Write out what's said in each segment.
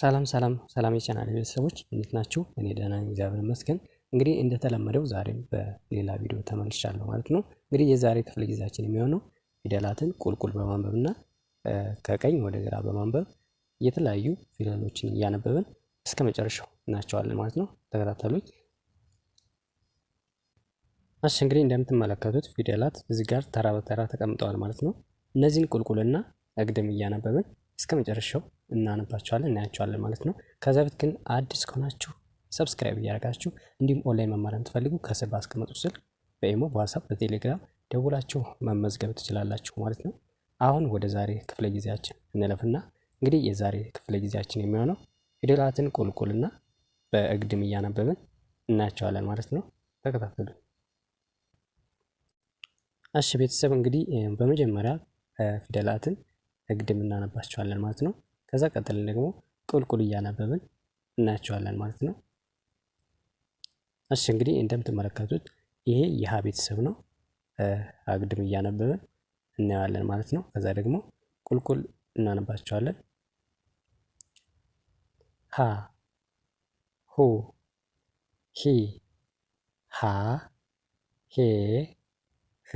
ሰላም ሰላም ሰላም የቻናል ቤተሰቦች እንዴት ናችሁ? እኔ ደህና ነኝ፣ እግዚአብሔር ይመስገን። እንግዲህ እንደተለመደው ዛሬም በሌላ ቪዲዮ ተመልሻለሁ ማለት ነው። እንግዲህ የዛሬ ክፍለ ጊዜያችን የሚሆነው ፊደላትን ቁልቁል በማንበብ እና ከቀኝ ወደ ግራ በማንበብ የተለያዩ ፊደሎችን እያነበብን እስከ መጨረሻው እናቸዋለን ማለት ነው። ተከታተሉኝ። እሺ እንግዲህ እንደምትመለከቱት ፊደላት እዚህ ጋር ተራ በተራ ተቀምጠዋል ማለት ነው። እነዚህን ቁልቁልና እግድም እያነበብን እስከ መጨረሻው እናነባቸዋለን እናያቸዋለን ማለት ነው። ከዛ በፊት ግን አዲስ ከሆናችሁ ሰብስክራይብ እያደረጋችሁ እንዲሁም ኦንላይን መማር የምትፈልጉ ከስር ባስቀመጡት ስልክ በኢሞ በዋትሳፕ በቴሌግራም ደውላችሁ መመዝገብ ትችላላችሁ ማለት ነው። አሁን ወደ ዛሬ ክፍለ ጊዜያችን እንለፍና እንግዲህ የዛሬ ክፍለ ጊዜያችን የሚሆነው ፊደላትን ቁልቁልና በእግድም እያነበብን እናያቸዋለን ማለት ነው። ተከታተሉ። እሺ ቤተሰብ እንግዲህ በመጀመሪያ ፊደላትን ንግድም እናነባቸዋለን ማለት ነው። ከዛ ቀጥለን ደግሞ ቁልቁል እያነበብን እናያቸዋለን ማለት ነው። እሺ እንግዲህ እንደምትመለከቱት ይሄ የሀ ቤተሰብ ነው። አግድም እያነበብን እናየዋለን ማለት ነው። ከዛ ደግሞ ቁልቁል እናነባቸዋለን። ሀ ሁ ሂ ሃ ሄ ህ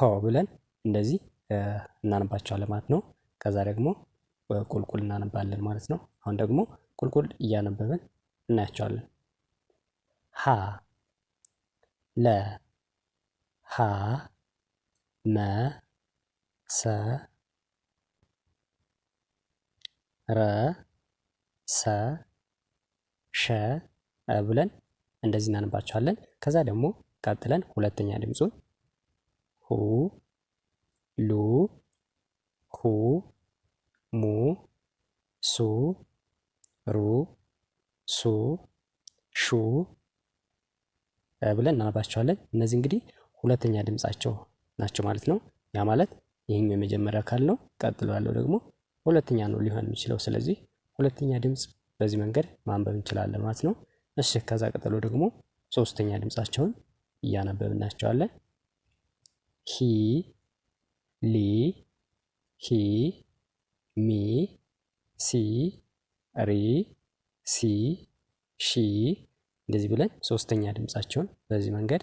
ሆ ብለን እንደዚህ እናነባቸዋለን ማለት ነው። ከዛ ደግሞ ቁልቁል እናነባለን ማለት ነው። አሁን ደግሞ ቁልቁል እያነበብን እናያቸዋለን። ሀ ለ ሀ መ ሰ ረ ሰ ሸ ብለን እንደዚህ እናነባቸዋለን። ከዛ ደግሞ ቀጥለን ሁለተኛ ድምፁን ሁ ሉ ሁ ሙ ሱ ሩ ሱ ሹ ብለን እናነባቸዋለን። እነዚህ እንግዲህ ሁለተኛ ድምጻቸው ናቸው ማለት ነው። ያ ማለት ይህኛው የመጀመሪያ አካል ነው። ቀጥሎ ያለው ደግሞ ሁለተኛ ነው ሊሆን የሚችለው። ስለዚህ ሁለተኛ ድምፅ በዚህ መንገድ ማንበብ እንችላለን ማለት ነው። እሺ ከዛ ቀጥሎ ደግሞ ሶስተኛ ድምጻቸውን እያነበብናቸዋለን ሂ ሊ ሂ ሚ ሲ ሪ ሲ ሺ እንደዚህ ብለን ሶስተኛ ድምጻቸውን በዚህ መንገድ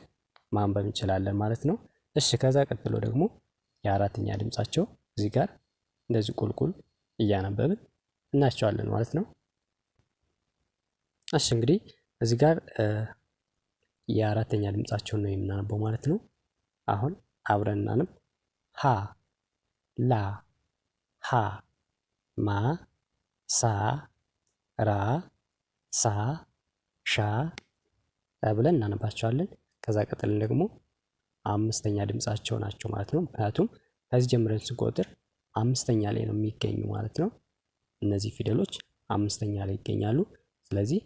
ማንበብ እንችላለን ማለት ነው። እሺ ከዛ ቀጥሎ ደግሞ የአራተኛ ድምጻቸው እዚህ ጋር እንደዚህ ቁልቁል እያነበብን እናያቸዋለን ማለት ነው። እሺ እንግዲህ እዚህ ጋር የአራተኛ ድምጻቸውን ነው የምናነበው ማለት ነው። አሁን አብረን እናንብ። ሀ ላ ሀ ማ ሳ ራ ሳ ሻ ብለን እናነባቸዋለን። ከዛ ቀጥልን ደግሞ አምስተኛ ድምጻቸው ናቸው ማለት ነው። ምክንያቱም ከዚህ ጀምረን ስንቆጥር አምስተኛ ላይ ነው የሚገኙ ማለት ነው። እነዚህ ፊደሎች አምስተኛ ላይ ይገኛሉ። ስለዚህ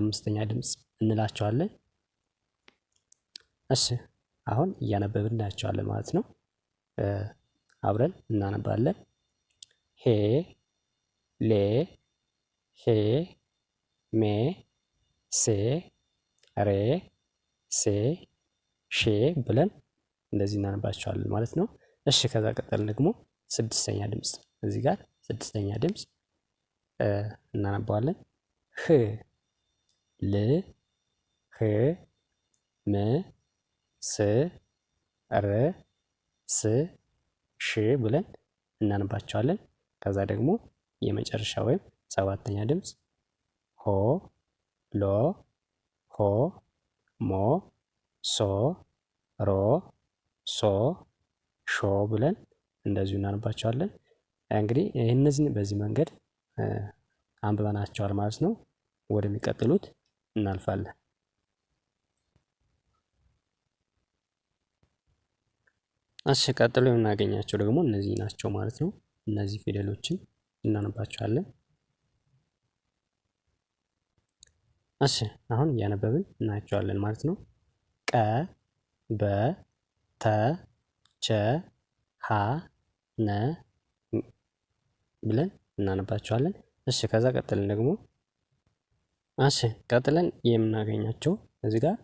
አምስተኛ ድምፅ እንላቸዋለን። እሺ አሁን እያነበብን እናያቸዋለን ማለት ነው። አብረን እናነባለን። ሄ ሌ ሄ ሜ ሴ ሬ ሴ ሼ ብለን እንደዚህ እናነባቸዋለን ማለት ነው። እሺ ከዛ ቀጠል ደግሞ ስድስተኛ ድምፅ እዚህ ጋር ስድስተኛ ድምፅ እናነባዋለን። ህ ል ህ ም ስ ር ስ ሽ ብለን እናንባቸዋለን። ከዛ ደግሞ የመጨረሻ ወይም ሰባተኛ ድምፅ ሆ ሎ ሆ ሞ ሶ ሮ ሶ ሾ ብለን እንደዚሁ እናንባቸዋለን። እንግዲህ እነዚህን በዚህ መንገድ አንብበናቸዋል ማለት ነው። ወደሚቀጥሉት እናልፋለን። እሺ ቀጥሎ የምናገኛቸው ደግሞ እነዚህ ናቸው ማለት ነው። እነዚህ ፊደሎችን እናነባቸዋለን። እሺ አሁን እያነበብን እናያቸዋለን ማለት ነው። ቀ፣ በ፣ ተ፣ ቸ፣ ሀ፣ ነ ብለን እናነባቸዋለን። እሺ ከዛ ቀጥለን ደግሞ እሺ ቀጥለን የምናገኛቸው እዚህ ጋር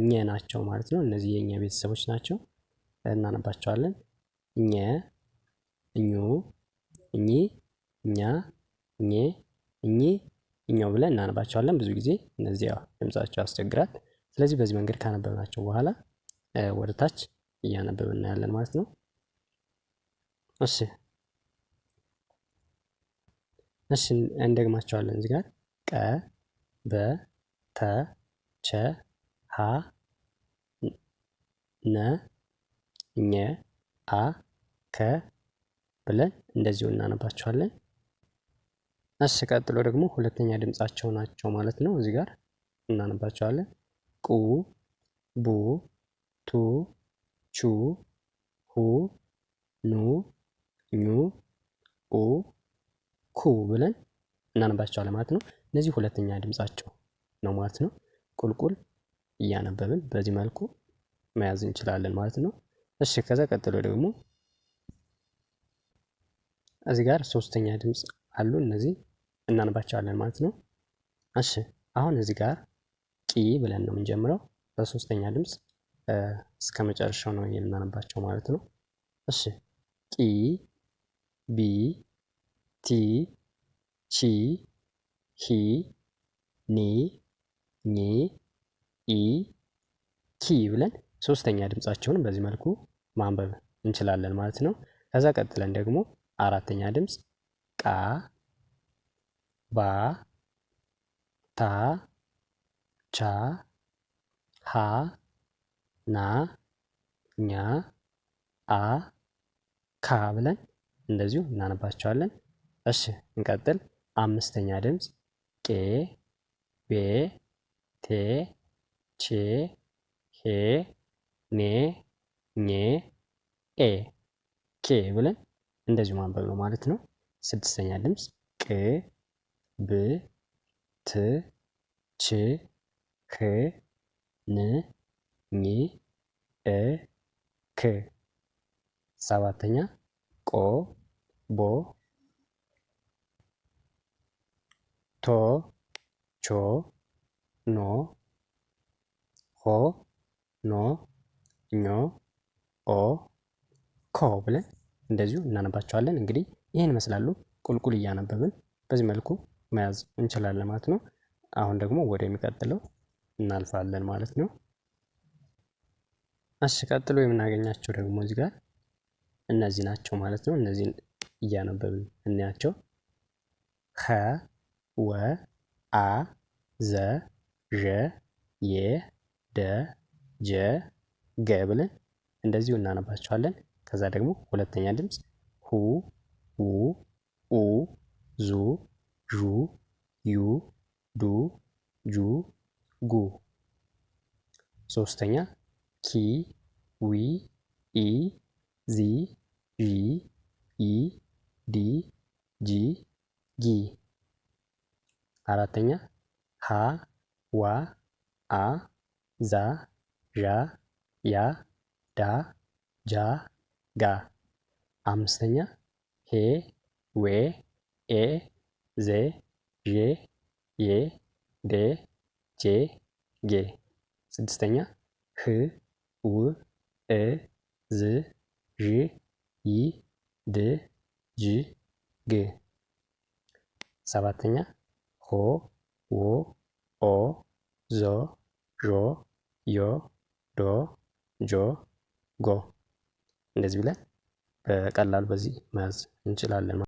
እኘ ናቸው ማለት ነው። እነዚህ የእኛ ቤተሰቦች ናቸው። እናነባቸዋለን። እኘ፣ እኙ፣ እኚ፣ እኛ፣ እኜ፣ እኚ፣ እኛው ብለን እናነባቸዋለን። ብዙ ጊዜ እነዚህ ያው ድምጻቸው ያስቸግራል። ስለዚህ በዚህ መንገድ ካነበብናቸው በኋላ ወደ ታች እያነበብ እናያለን ማለት ነው። እሺ እሺ እንደግማቸዋለን። እዚህ ጋር ቀ በ ተ ቸ ሀ ነ ኘ አ ከ ብለን እንደዚሁ እናነባቸዋለን። እሺ ቀጥሎ ደግሞ ሁለተኛ ድምጻቸው ናቸው ማለት ነው። እዚህ ጋር እናነባቸዋለን። ቁ ቡ ቱ ቹ ሁ ኑ ኙ ኡ ኩ ብለን እናነባቸዋለን ማለት ነው። እነዚህ ሁለተኛ ድምፃቸው ነው ማለት ነው። ቁልቁል እያነበብን በዚህ መልኩ መያዝ እንችላለን ማለት ነው። እሺ ከዛ ቀጥሎ ደግሞ እዚህ ጋር ሶስተኛ ድምፅ አሉ እነዚህ እናንባቸዋለን ማለት ነው። እሺ አሁን እዚህ ጋር ቂ ብለን ነው የምንጀምረው። በሶስተኛ ድምፅ እስከ መጨረሻው ነው የምናነባቸው ማለት ነው። እሺ ቂ፣ ቢ፣ ቲ፣ ቺ፣ ሂ፣ ኒ፣ ኒ፣ ኢ፣ ኪ ብለን ሶስተኛ ድምጻቸውን በዚህ መልኩ ማንበብ እንችላለን ማለት ነው። ከዛ ቀጥለን ደግሞ አራተኛ ድምፅ ቃ ባ ታ ቻ ሀ ና ኛ አ ካ ብለን እንደዚሁ እናነባቸዋለን። እሺ እንቀጥል። አምስተኛ ድምፅ ቄ ቤ ቴ ቼ ሄ ኔ ኜ ኤ ኬ ብለን እንደዚሁ ማንበብ ነው ማለት ነው። ስድስተኛ ድምፅ ቅ ብ ት ች ህ ን ኝ እ ክ ሰባተኛ ቆ ቦ ቶ ቾ ኖ ሆ ኖ ኞ ኦ ኮ ብለን እንደዚሁ እናነባቸዋለን። እንግዲህ ይህን ይመስላሉ። ቁልቁል እያነበብን በዚህ መልኩ መያዝ እንችላለን ማለት ነው። አሁን ደግሞ ወደ የሚቀጥለው እናልፋለን ማለት ነው። እሺ ቀጥሎ የምናገኛቸው ደግሞ እዚህ ጋር እነዚህ ናቸው ማለት ነው። እነዚህን እያነበብን እናያቸው። ኸ ወ አ ዘ ዠ የ ደ ጀ ገ ብለን እንደዚሁ እናነባቸዋለን። ከዛ ደግሞ ሁለተኛ ድምፅ ሁ ው ኡ ዙ ዡ ዩ ዱ ጁ ጉ። ሶስተኛ ኪ ዊ ኢ ዚ ዢ ኢ ዲ ጂ ጊ። አራተኛ ሀ ዋ አ ዛ ዣ ያ ዳ ጃ ጋ አምስተኛ ሄ ዌ ኤ ዜ ዤ ዬ ዴ ጄ ጌ ስድስተኛ ህ ው እ ዝ ዥ ይ ድ ጅ ግ ሰባተኛ ሆ ዎ ኦ ዞ ዦ ዮ ዶ ጆ ጎ እንደዚህ ብለን በቀላሉ በዚህ መያዝ እንችላለን።